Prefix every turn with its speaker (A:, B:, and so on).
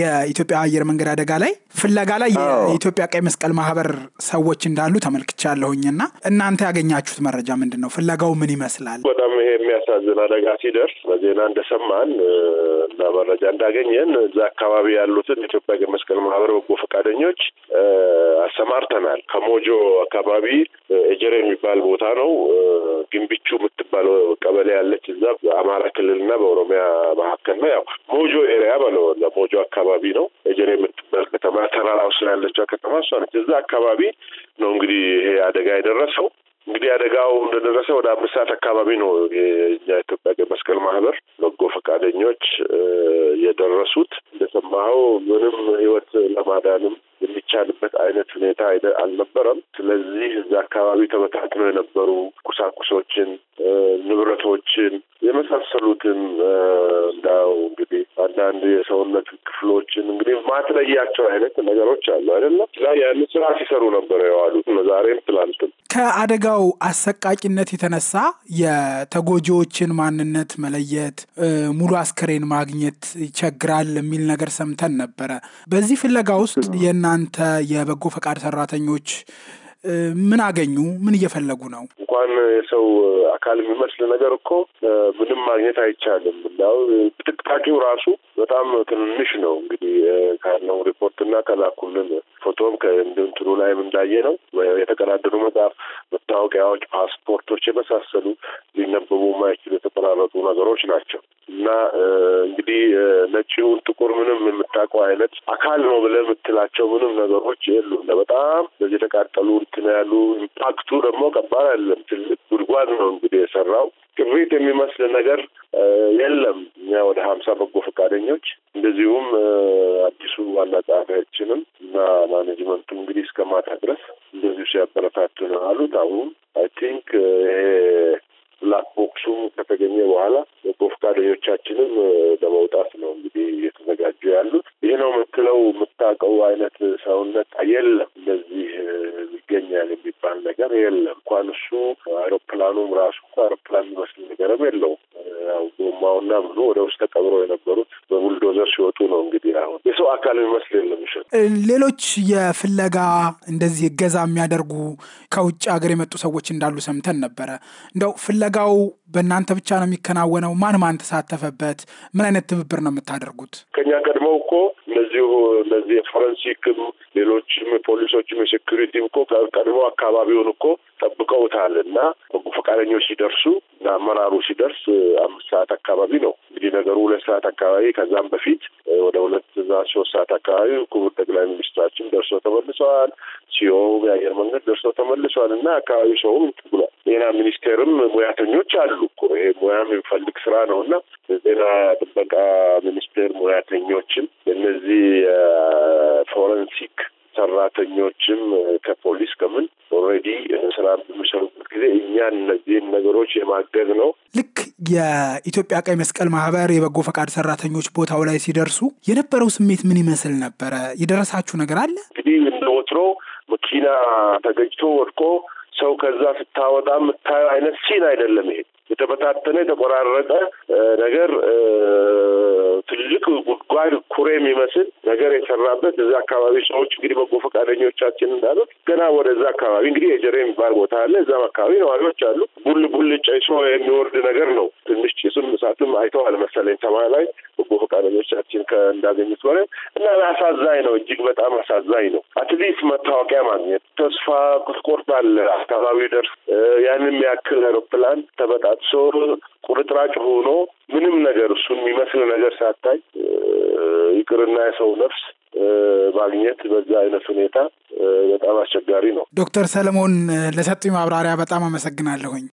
A: የኢትዮጵያ አየር መንገድ አደጋ ላይ ፍለጋ ላይ የኢትዮጵያ ቀይ መስቀል ማህበር ሰዎች እንዳሉ ተመልክቻለሁኝ እና እናንተ ያገኛችሁት መረጃ ምንድን ነው? ፍለጋው ምን ይመስላል?
B: በጣም ይሄ የሚያሳዝን አደጋ ሲደርስ በዜና እንደሰማን እና መረጃ እንዳገኘን እዛ አካባቢ ያሉትን ኢትዮጵያ ቀይ መስቀል ማህበር በጎ ፈቃደኞች አሰማርተናል። ከሞጆ አካባቢ ኤጀሬ የሚባል ቦታ ነው ግንብቹ ቀበሌ ያለች እዛ በአማራ ክልልና በኦሮሚያ መካከል ነው። ያው ሞጆ ኤሪያ በለው ለሞጆ አካባቢ ነው ኤጀሬ የምትባል ከተማ ተራራው ስር ያለችው ከተማ እሷ ነች። እዛ አካባቢ ነው እንግዲህ ይሄ አደጋ የደረሰው። እንግዲህ አደጋው እንደደረሰ ወደ አምስት ሰዓት አካባቢ ነው የእኛ ኢትዮጵያ ቀይ መስቀል ማህበር በጎ ፈቃደኞች የደረሱት። አልነበረም። ስለዚህ እዛ አካባቢ ተበታትነው የነበሩ ቁሳቁሶችን፣ ንብረቶችን የመሳሰሉትን እንዳው እንግዲህ አንዳንድ የሰውነት ክፍሎችን እንግዲህ ማትለያቸው አይነት ነገሮች አሉ አይደለም። ያንን ስራ ሲሰሩ ነበረ የዋሉት ዛሬም ትላንትም
A: ከአደጋው አሰቃቂነት የተነሳ የተጎጂዎችን ማንነት መለየት፣ ሙሉ አስክሬን ማግኘት ይቸግራል የሚል ነገር ሰምተን ነበረ። በዚህ ፍለጋ ውስጥ የእናንተ የበጎ ፈቃድ ሰራተኞች ምን አገኙ? ምን እየፈለጉ ነው?
B: እንኳን የሰው አካል የሚመስል ነገር እኮ ምንም ማግኘት አይቻልም። እንዳው ጥቅጣቂው ራሱ በጣም ትንንሽ ነው። እንግዲህ ካለው ሪፖርትና ከላኩልን ፎቶም ከእንትኑ ላይም እንዳየ ነው የተቀዳደሩ መጽሐፍ፣ መታወቂያዎች፣ ፓስፖርቶች የመሳሰሉ ሊነበቡ ማይችሉ የተቆራረጡ ነገሮች ናቸው እና እንግዲህ ነጭውን ጥቁር ምንም የምታውቀው አይነት አካል ነው ብለህ የምትላቸው ምንም ነገሮች የሉም። በጣም በዚህ የተቃጠሉ እንትን ያሉ ኢምፓክቱ ደግሞ ቀባር አይደለም። ትልቅ ጉድጓድ ነው እንግዲህ የሰራው ቅሪት የሚመስል ነገር የለም። እኛ ወደ ሀምሳ በጎ ፈቃደኞች እንደዚሁም አዲሱ ዋና ጸሐፊያችንም እና ማኔጅመንቱ እንግዲህ እስከ ማታ ድረስ እንደዚሁ ሲያበረታቱ ነው አሉት። አሁን አይ ቲንክ ይሄ ብላክ ቦክሱ ከተገኘ በኋላ በጎ ፈቃደኞቻችንም ለመውጣት ነው እንግዲህ እየተዘጋጁ ያሉት። ይህ ነው የምትለው የምታውቀው አይነት ሰውነት የለም እንደዚህ ነገር የለም። እንኳን እሱ አይሮፕላኑም ራሱ አይሮፕላን የሚመስል ነገርም የለውም። ያው ጎማውና ምኑ ወደ ውስጥ ተቀብሮ የነበሩት ሲወጡ ነው እንግዲህ አሁን የሰው አካል የሚመስል የለም። ይሸጥ
A: ሌሎች የፍለጋ እንደዚህ እገዛ የሚያደርጉ ከውጭ ሀገር የመጡ ሰዎች እንዳሉ ሰምተን ነበረ። እንደው ፍለጋው በእናንተ ብቻ ነው የሚከናወነው? ማን ማን ተሳተፈበት? ምን አይነት ትብብር ነው የምታደርጉት?
B: ከኛ ቀድመው እኮ እነዚሁ እነዚህ የፎረንሲክም ሌሎችም ፖሊሶችም የሴኩሪቲም እኮ ቀድሞ አካባቢውን እኮ ጠብቀውታል እና ፈቃደኞች ሲደርሱ እና አመራሩ ሲደርስ አምስት ሰዓት አካባቢ ነው እንግዲህ ነገሩ ሁለት ሰዓት አካባቢ ከዛም በፊት ወደ ሁለት ዛ ሶስት ሰዓት አካባቢ ክቡር ጠቅላይ ሚኒስትራችን ደርሶ ተመልሰዋል። ሲዮም የአየር መንገድ ደርሶ ተመልሰዋል እና አካባቢ ሰውም ብሏል። ጤና ሚኒስቴርም ሙያተኞች አሉ እኮ ይሄ ሙያም የሚፈልግ ስራ ነው እና ጤና ጥበቃ ሚኒስቴር ሙያተኞችም እነዚህ ፎረንሲክ ሰራተኞችም ከፖሊስ ከምን ኦልሬዲ ስራ በሚሰሩበት ጊዜ እኛ እነዚህን ነገሮች የማገዝ ነው። ልክ
A: የኢትዮጵያ ቀይ መስቀል ማህበር የበጎ ፈቃድ ሰራተኞች ቦታው ላይ ሲደርሱ የነበረው ስሜት ምን ይመስል ነበረ? የደረሳችሁ ነገር አለ?
B: እንግዲህ እንደ ወትሮ መኪና ተገጭቶ ወድቆ ሰው ከዛ ስታወጣ የምታየው አይነት ሲን አይደለም። ይሄ የተበታተነ የተቆራረጠ ነገር ኩሬ የሚመስል ነገር የሰራበት እዛ አካባቢ ሰዎች እንግዲህ በጎ ፈቃደኞቻችን እንዳሉት ገና ወደዛ አካባቢ እንግዲህ የጀሬ የሚባል ቦታ አለ። እዛም አካባቢ ነዋሪዎች አሉ። ቡል ቡል ጨይሶ የሚወርድ ነገር ነው። ትንሽ ጭስም እሳትም አይተዋል መሰለኝ ሰማይ ላይ በጎ ፈቃደኞቻችን እንዳገኙት በላይ እና አሳዛኝ ነው፣ እጅግ በጣም አሳዛኝ ነው። አትሊስት መታወቂያ ማግኘት ተስፋ ትቆርጣለህ። አካባቢው ደርስ ያንን ያክል አውሮፕላን ተበጣጥሶ ቁርጥራጭ ሆኖ ምንም ነገር እሱ የሚመስል ነገር ሳታይ ይቅርና የሰው ነፍስ ማግኘት በዛ አይነት ሁኔታ በጣም አስቸጋሪ ነው።
A: ዶክተር ሰለሞን ለሰጡኝ ማብራሪያ በጣም አመሰግናለሁኝ።